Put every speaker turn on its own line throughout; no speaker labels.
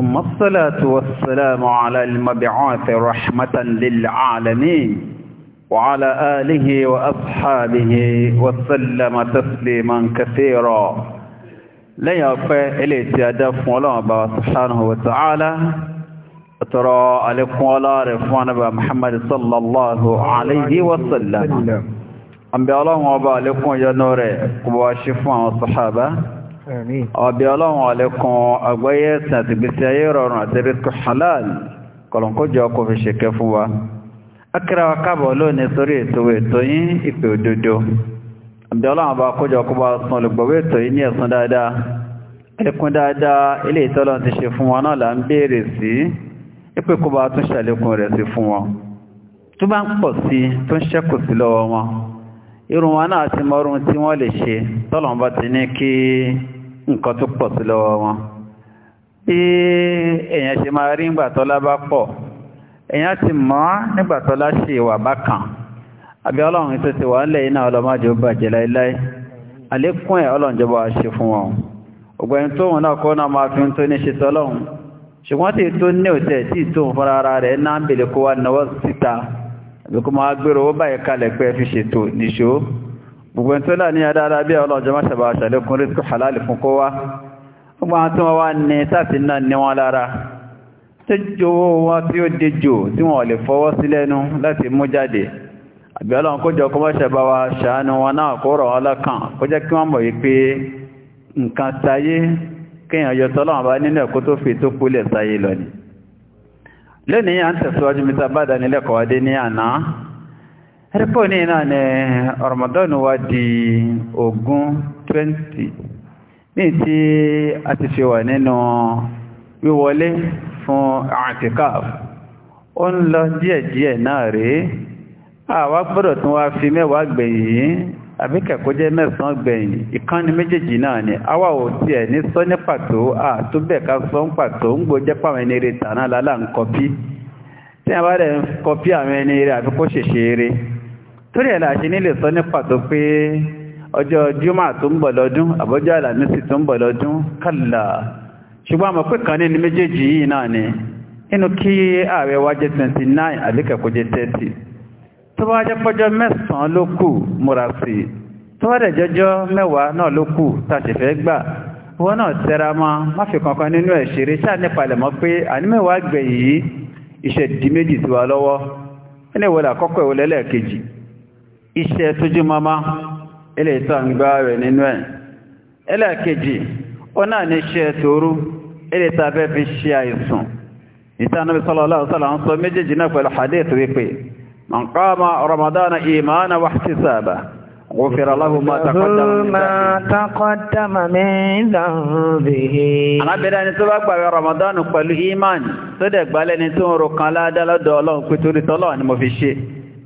ثم الصلاة والسلام على المبعوث رحمة للعالمين وعلى آله وأصحابه وسلم تسليما كثيرا لا يقف إلي تيادف الله سبحانه وتعالى ترى عليكم ولا رفوان محمد صلى الله عليه وسلم أنبي الله وبالكم يا نوري وشفوا الصحابة ọ̀bẹ̀ ọlọ́run ọ̀lẹ́kùn àgbáyé ẹ̀sìn àti gbèsè ayé rọrùn àti ríkù halal kọlọ̀kọ́jọ kò fi ṣèkẹ́ fún wa akẹ́rẹ́wà kábọ̀ lónìí sórí ètò ètò yín ìpè òdodo ọ̀bẹ̀ ọlọ́run bá kójọ kó bá san olùgbọ̀wé ètò yìí ní ẹ̀sùn dáadáa ẹ̀kún dáadáa ilé irun wọn náà ti mọ́rún tí wọ́n lè ṣe tọ́lọ̀ nǹkan tó pọ̀ sí lọ́wọ́ wọn bí èèyàn ṣe máa rí nígbà tọ́lá bá pọ̀ èèyàn ti mọ̀ nígbà tọ́lá ṣe ìwà bákan àbí ọlọ́run tó ti wà ńlẹ̀ iná ọlọ́májọ bàjẹ́ láíláí àlékún ẹ̀ ọlọ́njọba ṣe fún wọn ọgbẹ̀yìn tó wọn náà kọ́ náà máa fi ń tó ní ṣe tọ́lọ́run ṣùgbọ́n tí tó ní òtẹ́ tí tó ń fara ara rẹ̀ náà ń bèlè kó wá náwó síta àbí kó máa gbèrò ó báyìí kalẹ̀ pé fi ṣètò nìṣó gbogbo ẹni tó náà ní adára bí ọlọ́jọ́ má ṣàbà ṣàlékún rí tó halálì fún kó wá gbogbo àwọn wá ní sáàtì náà ní wọn lára tó jò wọn tí ó dejò tí wọ́n lè fọwọ́ sí láti mú jáde àbí kó jọ wa ṣàánú wọn náà kó rọ̀ wọn lọ́kàn kó jẹ́ kí wọ́n mọ̀ wípé nǹkan sáyé kéèyàn yọ tọ́lọ́run bá nínú ẹ̀kọ́ tó fi tó ni lónìí à ń tẹ̀síwájú mi tá a bá dánilẹ́kọ̀ọ́ adé ní àná Rípò ní iná ni Ramadan wá di ogún 20 ní tí a ti fi wà nínú wíwọlé fún àtìkáf. Ó ń lọ díẹ̀díẹ̀ náà rí. Àwa gbọ́dọ̀ tún wá fi mẹ́wàá gbẹ̀yìn yìí, jẹ́ mẹ́sàn gbẹ̀yìn. Ìkánni méjèèjì náà ni. Àwa ò tiẹ̀ ní sọ ní pàtó, àtúbẹ̀ ká sọ ń pàtó, ń gbójẹ́ pàwọn ẹni rẹ̀ tàná lálá ń kọpí. Tí a bá rẹ̀ ń kọpí àwọn ẹni rẹ̀ àfikún ṣèṣe rẹ̀ torí ẹ̀ la ṣe nílè sọ ní pàtó pé ọjọ́ jùmọ̀ tó ń bọ̀ lọ́dún àbọ́jọ́ àlàmísì tó ń bọ̀ lọ́dún kàlà ṣùgbọ́n àmọ́ pé kan nínú méjèèjì yìí náà ni inú kí ààrẹ wa jẹ́ 29 àlékẹ́kọ́ jẹ́ 30 tó bá jẹ́ pọ́jọ́ mẹ́sàn-án ló kù múra sí i tó bá dẹ̀ jọjọ́ mẹ́wàá náà ló kù tàṣẹ̀fẹ́ gbà wọn náà tẹra mọ́ má fi kankan nínú ẹ̀ ṣeré ṣáà nípa lẹ̀mọ́ pé àní gbẹ̀yìn yìí iṣẹ́ méjì sí wa lọ́wọ́ ẹni ìwọlẹ̀ àkọ́kọ́ ìwọlẹ̀ lẹ́ẹ̀kejì iṣẹ́ tójú mama ilẹ̀ ìtàǹgbà rẹ̀ nínú ẹ̀ ẹlẹ́ẹ̀kejì ó náà ní iṣẹ́ tóru ilẹ̀ ìtàfẹ́ fi ṣe àìsùn ìtànàbí sallallahu alaihi wasallam ń sọ méjèèjì náà pẹ̀lú hadith wípé man qama ramadana imana wa ihtisaba غفر له ما تقدم ما
تقدم من ذنبه
انا bẹ̀rẹ̀ ni tó bá gbààwẹ̀ Ramadan pẹ̀lú iman tó dẹ̀ gbà lẹ́ni tó ń ro kan ládá lọ́dọ̀ Ọlọ́run pé torí t'Ọlọ́run ni mo fi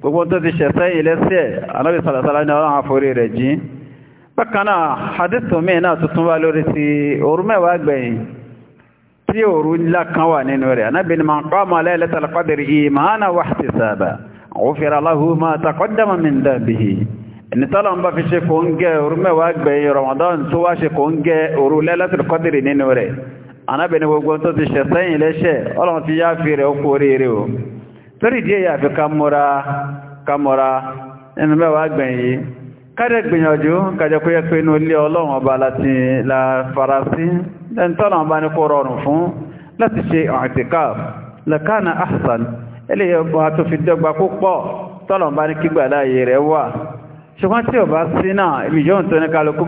gbogbo tó ti ṣẹ̀ṣẹ́ ilẹ́sẹ̀ anábì sàlàsàlà ní ọlọ́run àforí rẹ̀ jí bákanáà hadithu mi náà tuntun wá lórí ti òru mẹ́wàá gbẹ̀yìn tí òru ńlá kan wà nínú rẹ̀ anábì ni man qama laylatal qadri imana wa ihtisaban ghufira lahu ma taqaddama min dhanbihi ẹni tọ́lọ̀ ń bá fi ṣe kò ń gẹ òru torí ìdí èyà fi kamọ́ra kamọ́ra ẹnu mẹ́wàá gbẹ̀yìn kájẹ́ gbìyànjú kájẹ́ kó yẹ pé inú ilé ọlọ́run ọba láti la farasí lẹ́ntọ́nà ọba ní kó rọrùn fún láti ṣe i'tikaf lakana ahsan eléyẹ ọba tó fi dọ́gba púpọ̀ tọ́nà ọba ní kígbà láàyè rẹ̀ wà ṣùgbọ́n tí ọba sí náà ìbìjọ́ tó ní kálukú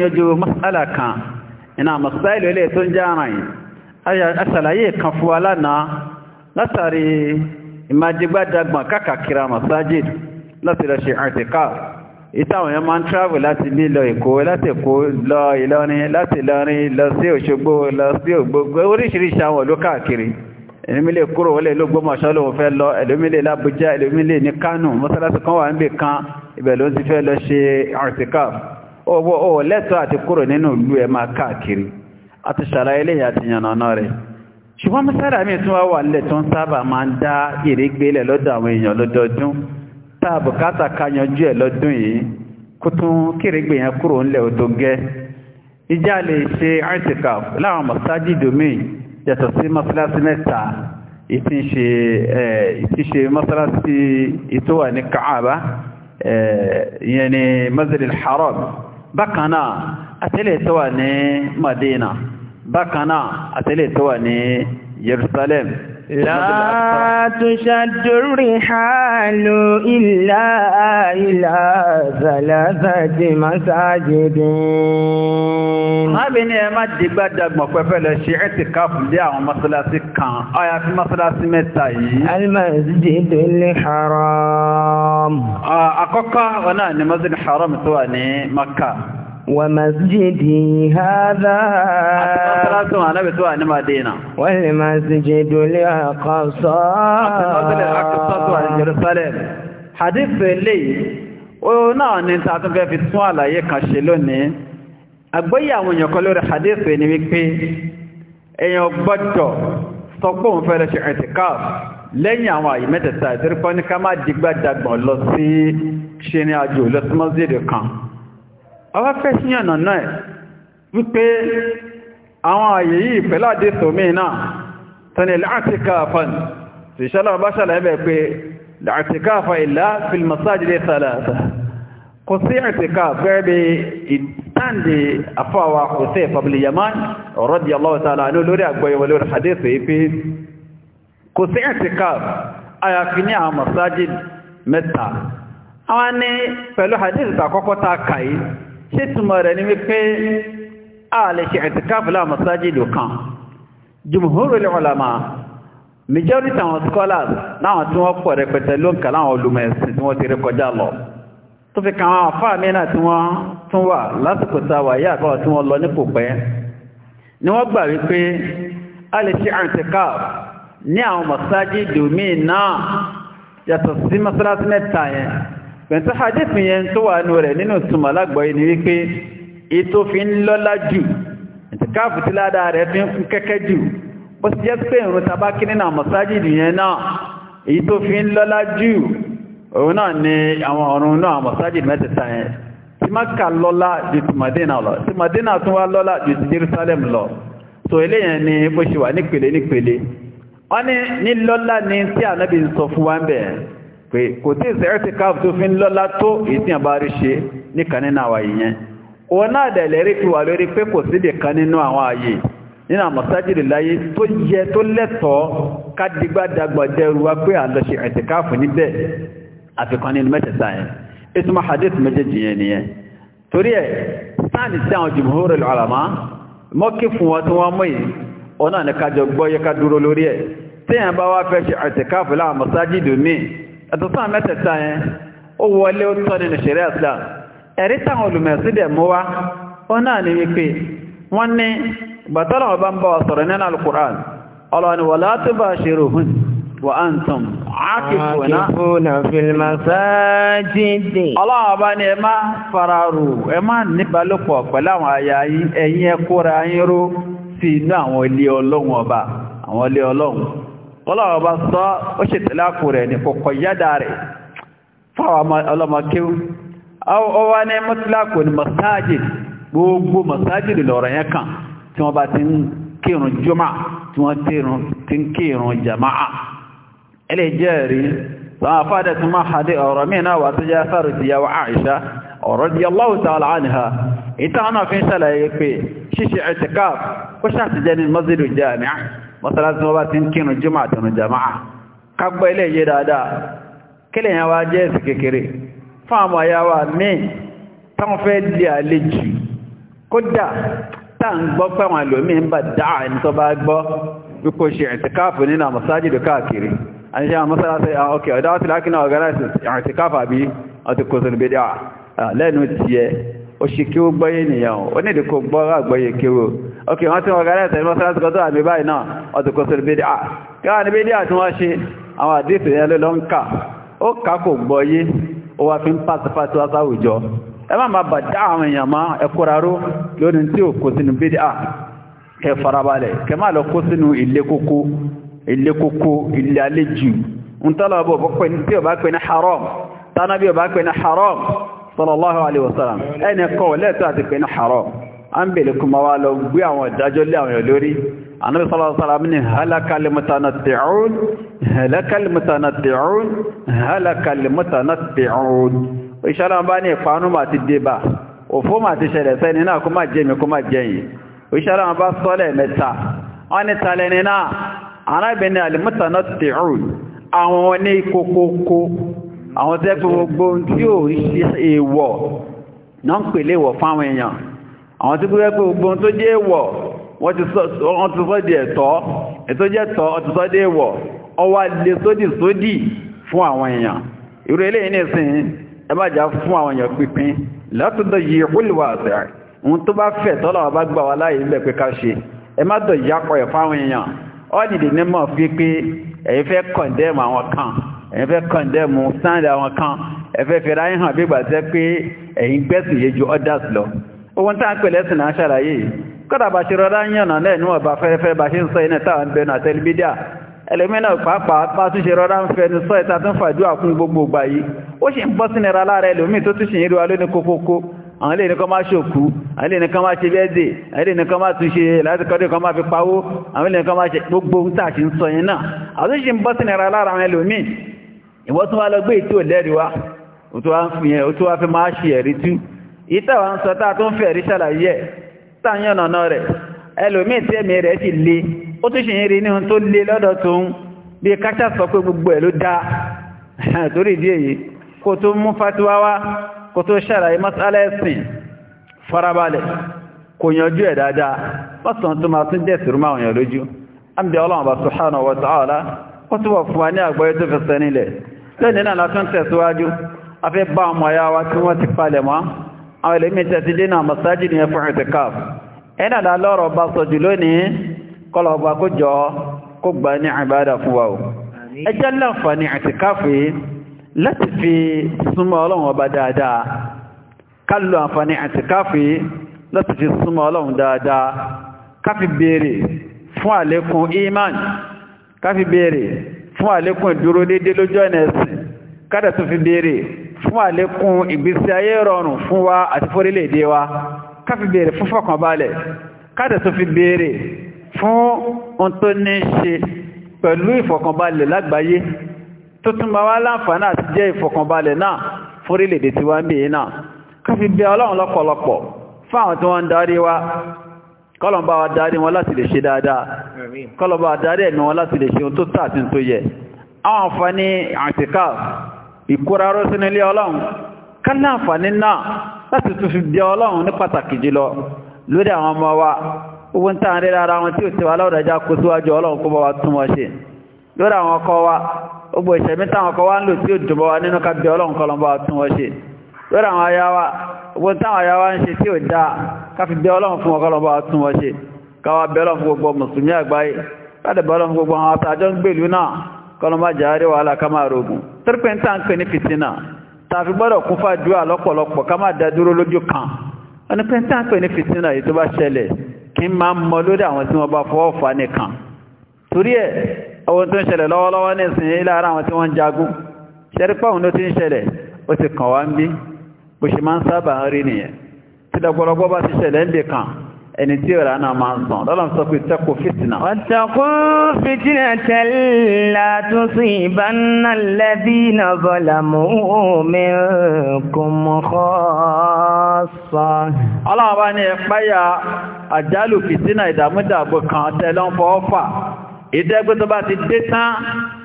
yanjú mas'ala kan iná masáìlú ilé tó ń já ara yìí aṣàlàyé kan fún alánà látàrí ìmájígbádagbọ̀n kákàkiri masajid láti lọ ṣe àtìká ìtàwọn èèyàn máa ń travel láti bí lọ èkó láti èkó lọ ìlọrin láti ìlọrin lọ sí òṣogbo lọ sí ògbógbó oríṣiríṣi àwọn ìlú káàkiri ẹlòmílẹ̀ kúrò wọlé ló gbọ́mọ̀ṣọ́ lóun fẹ́ lọ ẹlòmílẹ̀ lábújá ẹlòmílẹ̀ ní kánò mọ́sálásí kan wà ń bè kan ibẹ̀ ti fẹ́ lọ ṣe àtìká ọwọ́ ọ̀ lẹ́tọ́ àti kúrò nínú ìlú ẹ máa káàkiri àti ṣàlàyé lè àti yànnàná rẹ̀ ṣùgbọ́n mọ́sára mi tún wá wà lẹ̀ tó ń sábà máa ń dá ìrégbélẹ̀ lọ́dọ̀ àwọn èèyàn lọ́dọọdún tá a bùkátà ká yanjú ẹ̀ lọ́dún yìí kó tún kérègbè yẹn kúrò ńlẹ̀ ò tó gẹ́ ìjà lè ṣe itikaf láwọn mọ̀sájìdò ìyẹn ni Masjidil Haram bákanáà àtẹ́lẹ̀ tó ní Madina bákanáà àtẹ́lẹ̀ tó ní Jerusalem لا
تشد الرحال إلا إلى ثلاثة مساجد
Àbí ni ẹ má dìgbà dàgbọ̀n pẹ́fẹ́ lọ ṣe ẹ́ ti ká fún dé àwọn mọ́sálásí kan, ọya fi mọ́sálásí mẹ́ta yìí. Al-Masjidul Haram. Àkọ́kọ́ ọ̀nà ni Masjidul Haram tó wà ní Makka.
ومسجدي هذا والمسجد الأقصى
حديث لي náà ni ta tún fẹ́ fi tún àlàyé kan ṣe lónìí àgbóyà àwọn èèyàn kan lórí hadith ni wípé èèyàn gbọ́dọ̀ sọ pé òun fẹ́ lọ ṣe i'tikaf lẹ́yìn àwọn àyè mẹ́tẹ̀ẹ̀ta ìtorípọ́ ní ká má dìgbà dàgbọ̀n lọ sí ṣe ní àjò lọ sí mọ́sídì kan ọwá fẹ́ sí ọ̀nà náà ẹ̀ wípé àwọn àyè yìí pẹ̀lú àdé sòmí náà tọ́ni láàtíkáàfán tí ṣálọ́ bá ṣàlàyé bẹ̀ pé láàtíkáàfà ìlà fìlmọ̀sáàjìdé sàlàtà kò sí àtíkáàfà bí ìtàndì àfọwà kò sí ìfàbílì yamán radiyallahu ta'ala ní olórí àgbọ̀yẹ̀wọ̀ lórí hadith ife kò sí àtíkáàfà àwọn mọ̀sáàjì pẹ̀lú hadith àkọ́kọ́ ta kàí ṣé túnmọ̀ rẹ̀ ni wípé a lè ṣe ẹ̀tìkáàfù láwọn masájìdì kan jumhurul ulama majority àwọn scholars láwọn tí wọ́n pọ̀ rẹpẹtẹ ló ń kà láwọn olùmẹ̀sìn tí wọ́n ti rí kọjá lọ tó fi kàn àwọn àfáà mìíràn tí wọ́n tún wà lásìkò táwà yá àbáwọ̀ tí wọ́n lọ ní kò pẹ́ ni wọ́n gbà wípé a lè ṣe ẹ̀tìkáàfù ní àwọn masájìdì míì náà yàtọ̀ sí masájìdì mẹ́ta yẹn pẹ̀ntú hadith yẹn tó wà nù rẹ̀ nínú túnmọ̀ lágbọ́ yìí ni wípé ètò fi ń lọ́lá jù ìtìkáàfù tí ládàá rẹ̀ fi ń kún kẹ́kẹ́ jù bó ti jẹ́ pé ìrun tabakí nínú àmọ̀sájì nìyẹn náà èyí tó fi ń lọ́lá jù òun náà ni àwọn ọ̀run náà àmọ̀sájì mẹ́tẹ̀ẹ̀ta yẹn tí Mákà lọ́lá ju ti Màdínà lọ tí Màdínà tún wá lọ́lá ju ti Jerusalem lọ so eléyẹn ni bó ṣe wà nípele nípele wọ́n ní lọ́lá ni tí Ànábì ń sọ fún wa ń bẹ̀ẹ́ pé kò tí ìsẹ̀rẹ́ ti káàpù tó fi ń lọ́lá tó ìtìyàn bá rí ṣe níkan nínú àwà ìyẹn òun náà dẹ̀lẹ̀ rí fi wà lórí pé kò síbì kan nínú àwọn ààyè nínú àmọ̀sájìrì láyé tó yẹ tó lẹ́tọ̀ọ́ kádìgbàdàgbà dẹrù wa pé àlọ́ṣe ẹ̀tìkáàfù níbẹ̀ àfikàn nínú mẹ́tẹ̀ẹ̀ta yẹn ìtumọ̀ hadith méjèèjì yẹn nìyẹn torí ẹ̀ sáàni sí àwọn bá wá fẹ́ ṣe ẹ̀tìkáàfù láwọn mọ̀sájìdù míì ẹ̀tọ́ sáà mẹ́tẹ̀ẹ̀ta yẹn ó wọlé ó tọ́ nínú ṣẹ̀rẹ́ Islam ẹ̀rí táwọn olùmẹ̀sídẹ̀ mú wá ó náà ní wípé wọ́n ní gbàtọ́rọ̀ ọba ń bá wa sọ̀rọ̀ nínú alukur'an àwọn ilé ọlọ́run ọba àwọn ilé ọlọ́run ọlọ́wọ́ bá sọ ó ṣe tẹ́lákù rẹ̀ ní kòkò yádà rẹ̀ fáwọn ọlọ́mọkéw ó wá ní mọ́tílákù ní masajid gbogbo masajid lọ́rọ̀ yẹn kan tí wọ́n bá ti ń kírun jọmọ́ tí wọ́n ti ń kírun jama'a ẹlẹ́ jẹ́rí sọ́n àfádà tí mọ́sálásí wọ́n bá ti ń kírun jímọ̀ àtẹnu jama'a kagbọ́ ilé yé dáadáa kílẹ̀ yẹn wá jẹ́ ẹ̀sì kékeré fún àwọn àyàwà míì táwọn fẹ́ lè àlejò kódà táà ń gbọ́ pẹ̀wọ̀n àlòmí ń bà dáa ẹni tó bá gbọ́ wípò ṣe ẹ̀tìkáàfù nínú àmọ́sájìdò káàkiri àníṣẹ́ àmọ́sálásí ọkẹ̀ ah, ọ̀dá ọ̀tí lákínà ọ̀gáráìsì ẹ̀tìkáàfù àbí ọ̀tí ah, kòsìlù ok wọ́n tí wọ́n gárẹ́ ẹ̀sẹ̀ mọ́sánásí kọ́tọ́ àmì báyìí náà ọdùkọ́ sórí bídí à káà ní bídí àti wọ́n ṣe àwọn àdífì yẹn ló lọ ń kà ó kà kò gbọ́yé ó wá fi ń pàtàpàtà àwùjọ ẹ má máa bà dá àwọn èèyàn má ẹkúraró lónìí tí ò kó sínú bídí à kẹ farabalẹ̀ kẹ má lọ kó sínú ilé kókó ilé kókó ilé àlejò àti pè haram an bèèrè kuma wá lọ gbé àwọn ìdájọ́ lé àwọn olórí anábi sọ́lọ́sọ́lá ní halakal mutanatti'un halakal mutanatti'un halakal mutanatti'un ìṣọ́lá bá ní ìpanu ma ti dé bá òfó ma ti ṣẹlẹ̀ sẹ́ni náà kó má jẹ́mi kó má jẹ́yìn ìṣọ́lá bá sọ́lẹ̀ mẹ́ta àwọn tí kúrẹ́ pé ogun tó jẹ́ wọ̀ wọ́n ti sọ́ di ẹ̀tọ́ ẹ̀tọ́ jẹ́ tọ́ ọ̀tí sọ́ di ẹ̀wọ̀ ọwà lè sódì sódì fún àwọn èèyàn irú ilé ní ìsìn ẹbájá fún àwọn èèyàn pínpín látọ̀dọ̀ yìí húlùwà àṣẹ ohun tó bá fẹ́ tọ́lọ̀ bá gbà wá láàyè ilẹ̀ pé ká ṣe ẹ má dọ̀ yakọ̀ ẹ̀ fáwọn èèyàn ọ́nìdè ní mọ̀ fi pé ẹ̀yin fẹ́ kọ̀ndẹ́mù àwọn kan ẹ̀yin fẹ́ kọ̀ndẹ́mù sáńdì àwọn kan ẹ̀fẹ́ fẹ́ra ń hàn bí gbà tẹ́ pé ẹ̀yin gbẹ́sìn yé ju ọ́dàs lọ ohun tá ń pẹ̀lẹ̀ sí náà ṣàlàyé kọ́dà bá ṣe rọra yànnà náà níwọ̀n bá fẹ́rẹ́fẹ́ bá ṣe ń sọ iná táwọn bẹnu àtẹlibídíà ẹlẹ́mìnà pàápàá bá tún ṣe rọra ń fẹnu sọ ìta tún fàájú àkún gbogbo ìgbà yìí ó sì ń bọ́ sínú ẹ̀rọ alára ẹlòmíì tó tún ṣe ń rí wa lónìí kókókó àwọn ilé nìkan máa ṣòkú àwọn ilé nìkan máa bọ́ ìtàwà ń sọ táà tó ń fẹ̀rí ṣàlàyé tàyànnà rẹ̀ ẹlòmíì tí ẹ̀mí rẹ̀ ti le ó tún ṣe ń rí ní ohun tó le lọ́dọ̀ tó ń bí káṣà sọ pé gbogbo ẹ̀ ló dá torí ìdí èyí kò tó mú fatiwa wá kò tó ṣàlàyé masala ẹ̀sìn farabalẹ̀ kò yanjú ẹ̀ dáadáa mọ́sàn tó máa tún jẹ́ ìsìrúmọ́ àwọn èèyàn lójú àmì ọlọ́run bá àwọn ilẹ̀mí tẹ́sí dínà masájì ní ẹfún ìtìkáf ẹnàdà lọ́rọ̀ bá sọ̀jù lónìí kọlọ̀ọ̀bá kó jọ kó gbà ní ìbádà fún wa o ẹjẹ́ láǹfààní ìtìkáfì láti fi súnmọ́ ọlọ́run ọba dáadáa ká lo àǹfààní ìtìkáfì láti fi súnmọ́ ọlọ́run dáadáa ká fi béèrè fún àlékún fún àlékún ìgbésí ayé rọrùn fún wa àti fórílẹ̀-èdè wa ká fi béèrè fún fọkànbalẹ̀ káàdẹ̀ tó fi béèrè fún ohun tó ní ṣe pẹ̀lú ìfọkànbalẹ̀ lágbàáyé tó tún bá wá láǹfààní àti jẹ́ ìfọkànbalẹ̀ náà fórílẹ̀-èdè tí wá ń bèèrè náà ká fi bẹ ọlọ́run lọ́pọ̀lọpọ̀ fáwọn tí wọ́n ń darí wa kọ́lọ̀mbà wa darí wọn láti lè ṣe dáadáa kọ́lọ̀mbà wa darí ẹ̀mí wọn láti lè ṣe ohun tó tà àti tó yẹ àwọn àǹfààní àtìkáà ìkóraró sínú ilé ọlọ́run ká láǹfààní náà láti tún fi bí ọlọ́run ní pàtàkì jùlọ lórí àwọn ọmọ wa owó ń tàn rí rárá wọn tí ò ti wà láwùdájá kó síwájú ọlọ́run kó bá wa tún wọ́n ṣe lórí àwọn ọkọ wa gbogbo ìṣẹ̀mí táwọn ọkọ wa ń lò tí ó dùn bọ́ wa nínú ká bí kọlọmọ jàárẹ̀ wàhálà ká máa rogun tírpẹ́ ń tàn pé ní fìtínà tàfi gbọ́dọ̀ kún fà dúà lọ́pọ̀lọpọ̀ ká máa dádúró lójú kan ọni pé ń tàn pé ní fìtínà yìí tó bá ṣẹlẹ̀ kí n máa mọ lórí àwọn tí wọ́n bá fọwọ́ fà nìkan torí ẹ̀ ohun tó ń ṣẹlẹ̀ lọ́wọ́lọ́wọ́ nísìnyí lára àwọn tí wọ́n ẹni tí ìrà náà máa ń sàn lọ́lọ́n sọ pé tẹ́kù fìtìnà. ọ̀tọ̀kù fìtìnà tẹ́lá tó sí ìbáná
lẹ́bí náà bọ̀là mú omi kò mọ̀ kọ́
sọ. ọlọ́run bá ní ìpáyà àjálù fìtìnà ìdààmúdàgbò kan tẹ́lọ́ fọ́ fà ìdẹ́gbẹ́ tó bá ti dé tán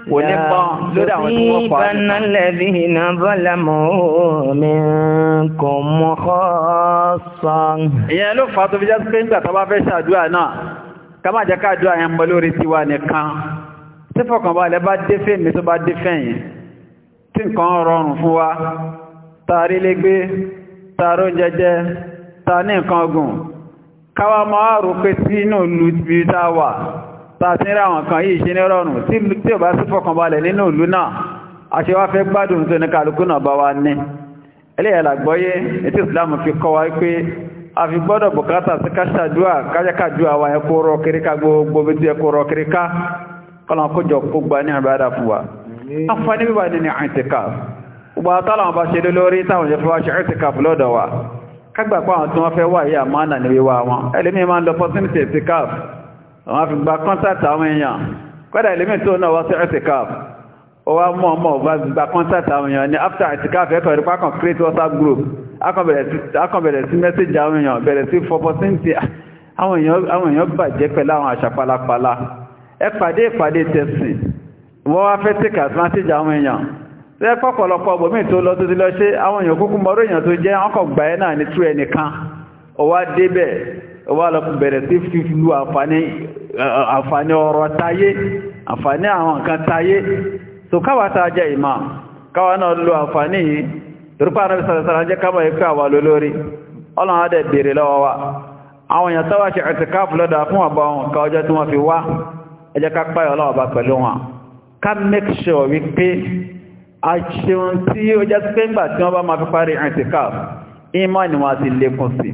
kò ní pọ́n lórí àwọn tí wọ́n pa. ìbànú
lẹ́bí iná bọ́lá mọ́ mi kò
mọ́ kọ́ sàn. ìyẹn ló fà tó fi jẹ́ pé nígbà tó bá fẹ́ ṣàdúrà náà ká má jẹ́ ká àdúrà yẹn mọ́ lórí tiwa nìkan tí fọkànbalẹ̀ bá dé fẹ́ mi tó bá dé fẹ́ yẹn tí nǹkan rọrùn fún wa taari lè gbé taari oúnjẹ jẹ ta ní nǹkan ọgùn káwa máa rò pé sínú ìlú ibi tá a wà tàṣínrà àwọn kan yìí ṣe ní rọrùn tí ò bá sí fọkànbalẹ̀ nínú ìlú náà a ṣe wá fẹ́ gbádùn tó ní kálukú náà bá wá ní ẹlẹ́yàlà gbọ́yé Islam fi kọ́ wa pé a fi gbọ́dọ̀ bùkátà sí káṣàdúà kájákàdúà wa ẹkú rọ kíríká gbogbo bí ti ẹkú rọ kíríká kọ́lọ̀n kó jọ kó wa afáni bíbá ní ní wa kágbà pé àwọn tí wọ́n fẹ́ wà yìí àmọ́ ànà àwọn fi gba kọ́ntàtì àwọn èèyàn kọ́dà ilé mìíràn náà wá sí ẹ̀tìkáf ó wá mọ̀ mọ̀ bá gba kọ́ntàtì àwọn èèyàn ní after ẹ̀tìkáf ẹ̀kọ́ ìrúpá kan create WhatsApp group akọ̀bẹ̀rẹ̀ sí mẹ́sẹ̀jì àwọn èèyàn bẹ̀rẹ̀ sí fọpọ́ sí ti ah, àwọn èèyàn bàjẹ́ pẹ̀lú àwọn àṣà pálapàla ẹ pàdé ìpàdé tẹ̀sìn wọ́n wá fẹ́ tẹ̀kà sí mẹ́sẹ̀jì àwọn èèyàn ṣe pọ̀pọ̀lọpọ̀ bòmí tó lọ tó ti lọ ṣe àwọn èèyàn kúkú mọ́rọ̀ èèyàn tó jẹ́ ọkọ̀ gbà ẹ́ náà ní tú ẹnìkan ọwá débẹ̀ wà lọ bẹ̀rẹ̀ sí fífìlú àǹfààní ọ̀rọ̀ táyé àǹfààní àwọn nǹkan táyé so káwà tàà jẹ́ ìmá káwà náà lo àǹfààní yìí torípa náà sàrẹsàrẹ jẹ́ káwà ikú àwà lólórí ọlọ́run adẹ̀ bèèrè lọ́wọ́ wa àwọn èèyàn tọ́wà ṣe ẹ̀tẹ̀káàfù lọ́dà fún àbá wọn ká ọjọ́ tí wọ́n fi wá ẹ jẹ́ ká páyọ̀ ọlọ́wọ́ bá pẹ̀lú wọn ká make sure wípé a ṣeun tí ó jẹ́ sí pé ńgbà tí wọ́n bá máa fi parí ẹ̀tẹ̀káàfù ìmọ̀ ni wọ́n ti lékún sí i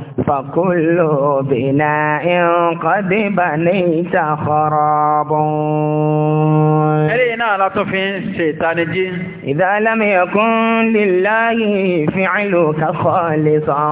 فكل بناء قد بنيت
خراب
إذا لم يكن لله فعلك خالصا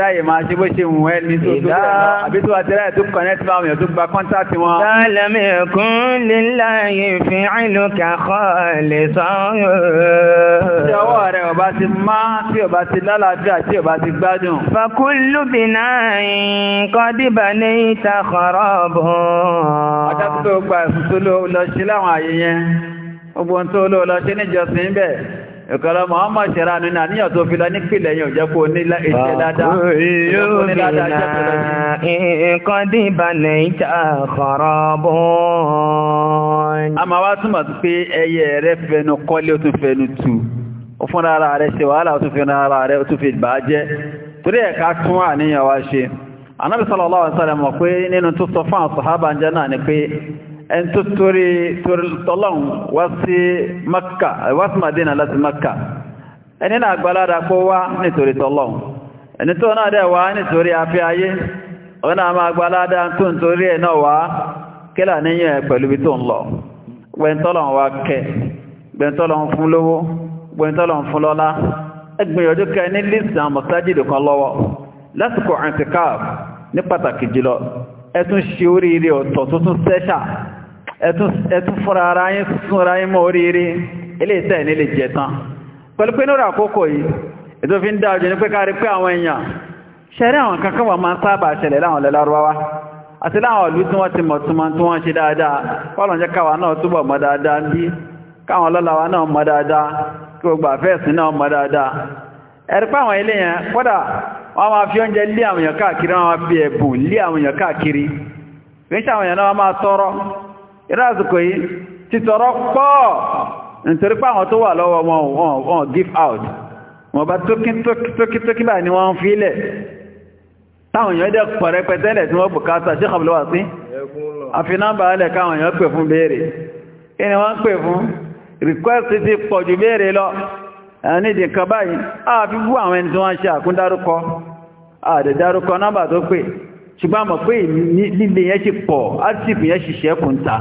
ráyè máa ṣe bó ṣe wù ẹ́ ní tó tó rẹ̀ náà àbí tó àti ráyè tó connect bá wọn tó gba kọ́ńtàtì wọn. sálẹ̀mì
kún líláyè fi ìlú kàkọ́ lè sọ́yọ́. ṣé ọwọ́ rẹ̀ ọba ti má tí ọba ti lálàáfíà tí ọba ti gbádùn. fakulubina kọ́díbà ní ìta kọ̀rọ̀
bọ̀. ọjọ́ tó gba ẹ̀sùn lọ ṣe láwọn àyè yẹn gbogbo tó lọ ṣe níjọsìn bẹ́ẹ̀ ìkọ̀lọ́ Muhammad ṣẹ̀rá nínú àníyàn tó fi lọ nípìnlẹ̀ yóò jẹ́ kó nílá ìṣẹ́ dáadáa. yóò fi náà
nǹkan dìbànà ìta
àkọ̀rọ̀ bọ́. a máa wá túmọ̀ sí pé ẹyẹ rẹ fẹnu kọ́lé ó tún fẹnu tù ó fún ara rẹ ṣe wàhálà ó tún fẹnu ara rẹ ó tún fi bàá jẹ́ torí ẹ̀ tún àníyàn wá ṣe. anábìsọ̀lọ́lá wa sálẹ̀ mọ̀ pé nínú tó sọ fún àwọn sàhábà ń jẹ́ náà ni pé ẹn tó torí tọ́lọ́hun wá sí Makka wá sí Madina láti Makka ẹni náà gbalára kó wá nítorí tọ́lọ́hun ẹni tó náà dẹ̀ wá nítorí afẹ́ ayé ọ̀nà àmà gbalára tó nítorí ẹ̀ náà wá kílà níyàn ẹ̀ pẹ̀lú bí tó ń lọ gbẹ̀ntọ́lọ́hun wá kẹ́ gbẹ̀ntọ́lọ́hun fún lówó gbẹ̀ntọ́lọ́hun fún lọ́lá ẹgbìyànjú kẹ ní list àwọn mọ̀sájìdì kan lọ́wọ́ lásìkò antikaf ní sẹ́ṣà ẹ̀tún fọ́ra ara yín súnra yín mọ́ oríire ilé ìtẹ́ ní lè jẹ tán pẹ̀lú pé nírò àkókò yìí ètò fi ń dá ọjọ́ ní pé kárí pé àwọn èèyàn ṣẹ́rí àwọn kankan wà máa ń sábà ṣẹlẹ̀ láwọn lẹ́lárúwáwá àti láwọn ìlú tí wọ́n ti mọ̀ túnmọ̀ tí wọ́n ṣe dáadáa wọ́n jẹ́ káwa náà túbọ̀ mọ̀ dáadáa ń bí káwọn ọlọ́làwà náà mọ̀ dáadáa kí gbogbo àfẹ́ẹ̀sìn náà mọ̀ dáadáa ẹ̀rí pé àwọn ilé yẹn kódà wọ́n máa fi oúnjẹ lé àwọn èèyàn káàkiri wọ́n máa fi ẹ̀bùn lé àwọn èèyàn káàkiri kì í ṣe àwọn èèyàn náà máa tọrọ irú àsìkò yìí títọrọ pọ̀ nítorí pé àwọn tó wà lọ́wọ́ wọn wọn give out wọn bá tókítókí báyìí ni wọ́n ń fílẹ̀ táwọn èèyàn dẹ̀ pọ̀ rẹpẹtẹ lẹ̀ tí wọ́n bùkátà ṣé kàbùlọ́ wà sí àfi nọ́mbà alẹ̀ káwọn èèyàn pè fún béèrè kí ni wọ́n pè fún request ti pọ̀ ju béèrè lọ ẹ̀nídìí kan báyìí àfi bú àwọn ẹni tí wọ́n ṣe àkúndárúkọ àdẹ̀dárúkọ nọ́mbà tó pè ṣùgbọ́n mọ̀ pé líle yẹn ti pọ̀ artip yẹn ṣiṣẹ́ kùn ta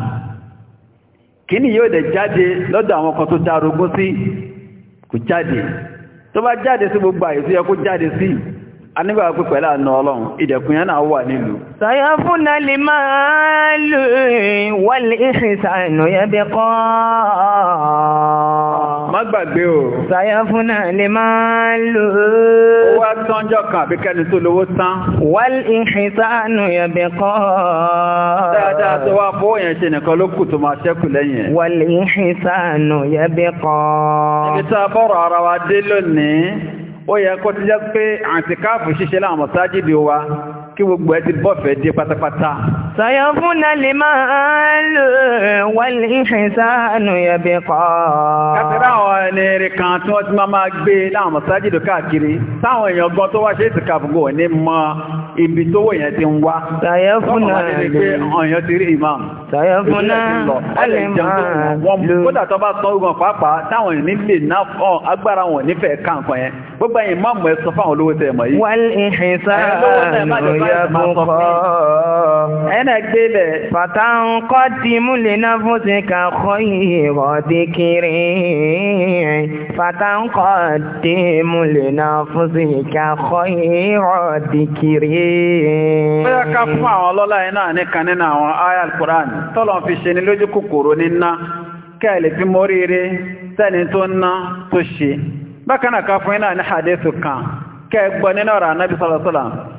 kíní yóò dẹ̀ jáde lọ́dọ̀ àwọn kan tó darogún sí kò jáde tó bá jáde sí gbogbo àyè tó yẹ kó jáde sí anígbà pé pẹ̀lú àna ọlọ́run ìdẹ̀kùn yẹn náà wà nílùú.
sọ̀yà fún Má gbàgbé o. Sàyà fúnà lè máa lò ó. Ó wá tánjọ́ kan àbí kẹ́ni tó lówó tán. Wal ihsanu yabqa. Dáadáa tó wá
fowó yẹn ṣe nìkan ló kù tó máa ṣẹ́kù lẹ́yìn.
Wal ihsanu yabqa. Ibi
tá a bọ̀rọ̀ ara wa dé lónìí, ó yẹ kó ti jẹ́ pé àǹtíkáàfù ṣíṣe láwọn mọ̀sájìdì wa kí gbogbo ẹ ti bọ́fẹ̀ dé pátápátá.
sọ̀yọ̀ fúnna lè máa lò wọ́n lè ṣe sáànù ẹ̀bẹ̀ kọ́.
kátìrá àwọn ẹni rí kan tí wọ́n ti máa máa gbé láwọn mọ̀sájìdò káàkiri táwọn èèyàn gan tó wá ṣe é ti kàfùgò ní mọ ibi tó wò yẹn ti ń wá. sọ̀yọ̀ fúnna lè lè máa lò. kódà tó bá tán ogun pàápàá náà agbára wọn nífẹ̀ẹ́ káàkan yẹn gbogbo kọ́. يبقى أنا كذب
فتنقدم لنفسك خير ذكر فتنقدم لنفسك خير ذكر bóyá ká fún àwọn
ọlọ́lá yẹn náà nìkan nínú àwọn aya alukur'an tọ́lọ̀ fi ṣe ní lójú kòkòrò níná kẹ́ẹ̀lì fi móríire sẹ́ni tó ná tó ṣe bákan náà ká fún yín náà ní hadithu kan kẹ́ẹ̀ gbọ́ nínú ọ̀rọ̀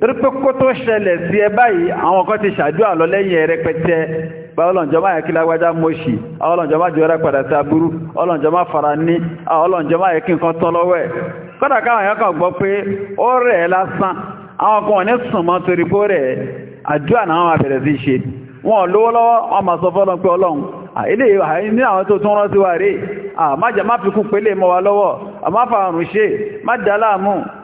torí pé kó tó ṣẹlẹ̀ sí ẹ báyìí àwọn kan ti ṣàdúrà lọ lẹ́yìn rẹpẹtẹ báwọlọ́njọ́má yẹ kí lágbájá mọ́ṣì ọlọ́njọ́má jọ rẹ padà sí aburú ọlọ́njọ́má fara ní ọlọ́njọ́má yẹ kí nǹkan tán lọ́wọ́ ẹ̀ kọ́dà káwọn èèyàn kan gbọ́ pé ó rẹ̀ ẹ́ lásán àwọn kan ní sùnmọ́ torí pé ó rẹ̀ ẹ́ àdúrà náà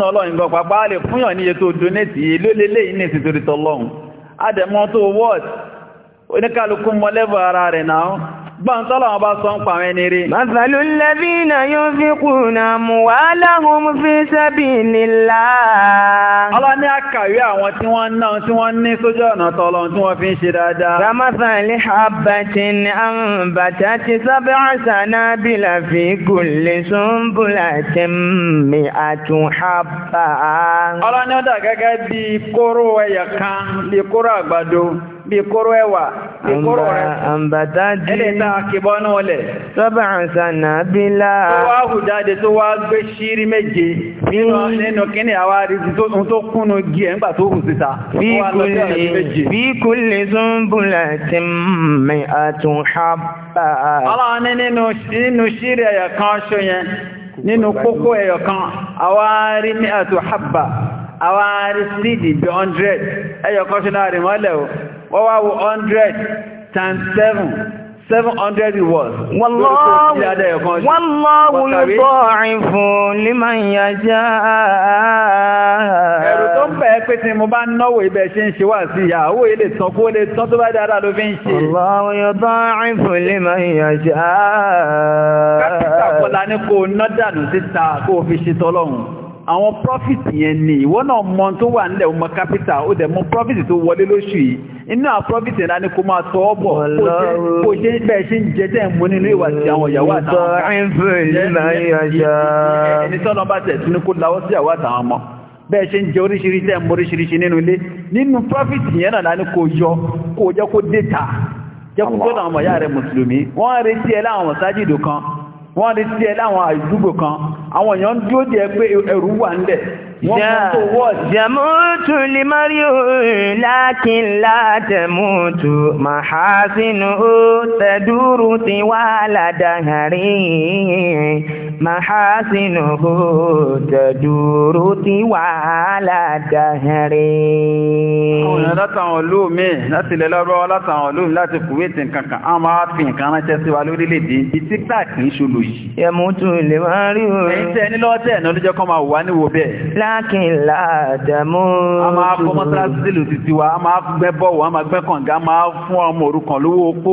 sọ́nà ọlọ́run gan pàpá lè fúnyàn níye tó donate yìí lólélé yìí ní ìsìtòrítọ́ ọlọ́run adẹ̀mọ́ tó wọ́ọ̀tì oníkàlùkún mọ ara rẹ̀ náà gbọ́n tọ́lọ̀ wọn sọ ń pàwọn ẹni rí. màfàlú lẹ́bí na yóò fi kùnà mú wà láhùn fi sẹ́bì
nílá. ọlọ́ ní àkàwé àwọn tí wọ́n náà tí wọ́n ní sójú ọ̀nà tọ́lọ tí wọ́n fi ń ṣe dáadáa. ramafali
bí kóró ẹwà bí kóró rẹ̀
àǹbàtà jí ẹlẹ́ta
àkìbọ́ náà lẹ̀
sọ́bà àǹsànà bí láà tó wá hù
jáde tó wá gbé ṣírí méje nínú kíní àwá àrísí tó kúnnú gí ẹ̀ ńgbà tó hù síta
bí kú lè tún búlẹ̀ tí mẹ́ àtún hábà
ọlọ́run sídì bí 100 rí mọ́lẹ̀ wọ́n wá wo hundred times seven seven hundred rewards. wọ́n lọ́wọ́ yóò bọ̀rin fún liman yasha. ẹ̀rù tó ń bẹ̀ẹ́ pé tí mo bá náwó ibẹ̀ ṣe ń ṣe wà sí ìyàwó ilé tán kó lè tán tó bá dára ló fi ń ṣe. lọ́wọ́ yóò bọ̀rin fún liman yasha. kápítà kọ́lá ní kó ná dànù síta kó fi ṣe tọ́lọ́hun àwọn profit yẹn ni ìwọ náà mọ tó wà nílẹ̀ ọmọ capital ó dẹ̀ mọ profit tó wọlé lóṣù yìí inú àwọn profit yẹn láti kó máa tọ́ bọ̀ kó ṣe bẹ́ẹ̀ ṣe ń jẹ tẹ́ ń mú nínú ìwà sí àwọn ìyàwó àtàwọn ẹni tọ́nà bá tẹ̀ tún ní kó lawọ́ sí àwọn àtàwọn ọmọ bẹ́ẹ̀ ṣe ń jẹ oríṣiríṣi ẹ̀mú oríṣiríṣi nínú ilé nínú profit yẹn náà láti kó yọ kó jẹ́ kó dé ta jẹ́ kó tó náà mọ̀ yá rẹ̀ mùsùlùmí wọ́n retí ẹ láwọn sájìdù kan wọ́n rí sí ẹ láwọn àdúgbò kan àwọn èèyàn dúró díẹ̀ pé ẹrù wà ń dẹ̀
Jẹ̀mútù lè mọ́rí òun láti látẹ̀mútù, Màhásínú ó tẹ̀dúrú ti wá ládàárí. Màhásínú ó tẹ̀dúrú ti wá ládàárí. Òyìn
látàwọn olú mi láti ilẹ̀ lọ́rọ́ látàwọn olú mi láti kùwétì kankan, a máa fi nǹkan ránṣẹ́ sí wa lórílẹ̀-èdè ibi tí gbà kìí ṣolò yìí. Jẹ̀mútù lè mọ́rí òun. Èyí tẹ́ ní lọ́tẹ̀ náà ló jẹ́ kọ́ máa wà níwò bẹ́ẹ̀
láàkín láàdàmú. a
máa fọ́ mọ́sálásí sílù títí wa a máa gbẹ́ bọ́ọ̀wọ̀ a máa gbẹ́ kànga a máa fún ọmọ òrukàn lówó opó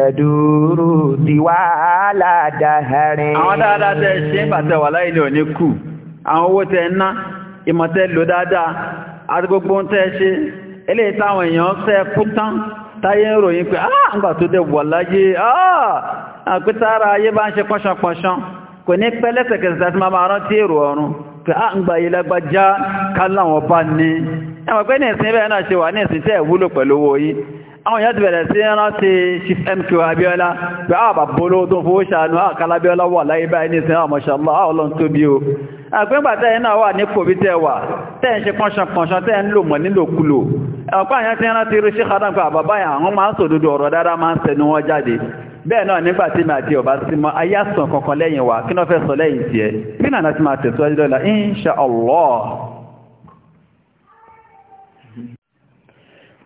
tẹ̀dúrú ti wàhálà
dáhẹ́rin. àwọn dáadáa tẹ ṣe ń bàtẹ wà láì ní kù àwọn owó tẹ ná ìmọ̀tẹ lò dáadáa àti gbogbo ń tẹ ṣe eléyìí táwọn èèyàn tẹ kú tán táyé ń ròyìn pé ah ńgbà tó dé wà láyé ah ayé bá ń ṣe àwọn èèyàn ti bẹ̀rẹ̀ sí rántí chief mq abiola pé àwọn ah, bàbá olóòtú fowó ṣàánú àkàlà ah, abiola wà láyé báyìí ní ìsinmi àwọn mashallah àwọn ah, ọlọ́run tó bí o àgbẹ́gbàtà ẹ̀ náà wà ní kòbí tẹ́ wà tẹ́ ń ṣe pọ́nṣanpọ̀nṣan tẹ́ ń lò mọ̀ nílòkulò ọ̀pá àyàn tí rántí irú sí kádàn pé àbàbá àwọn máa ń sòdodo ọ̀rọ̀ dára máa ń tẹnu bẹ́ẹ̀ náà nígbà tí màá ti ọ̀bá sí mọ́ kankan lẹ́yìn kí náà fẹ́ sọ lẹ́yìn tiẹ̀ bí nàá ti máa tẹ̀síwájú lọ́la insha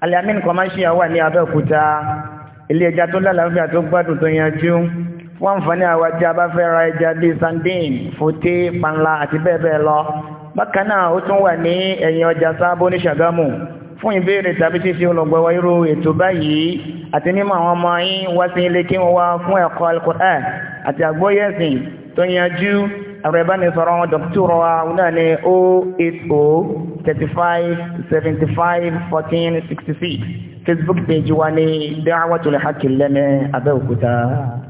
Al-Yamin commercial wà ní Abẹ́òkúta ilé ẹja tó lálàáfíà tó gbádùn tó yanjú wọ́n ń fọ́ní àwọn ẹja bá fẹ́ ra ẹja bíi sandin fòté panla àti bẹ́ẹ̀ bẹ́ẹ̀ lọ bákan náà ó tún wà ní ẹ̀yìn ọjà sábó ní Ṣàgámù fún ìbéèrè tàbí ṣíṣe olùgbọ̀wọ́ irú ètò báyìí àti mímọ̀ àwọn ọmọ yín wá sí ilé kí wọ́n wá fún ẹ̀kọ́ Al-Qur'an àti àgbóyẹ̀sìn tó yanjú ẹ̀rọ ìbánisọ̀rọ̀ wọn dọ̀kítọ̀rọ̀ wa wọn náà ní o oh eight o oh thirty five seventy five fourteen sixty six facebook page wa ní Da'watul Haqq Lẹ́mẹ̀ Abẹ́òkúta.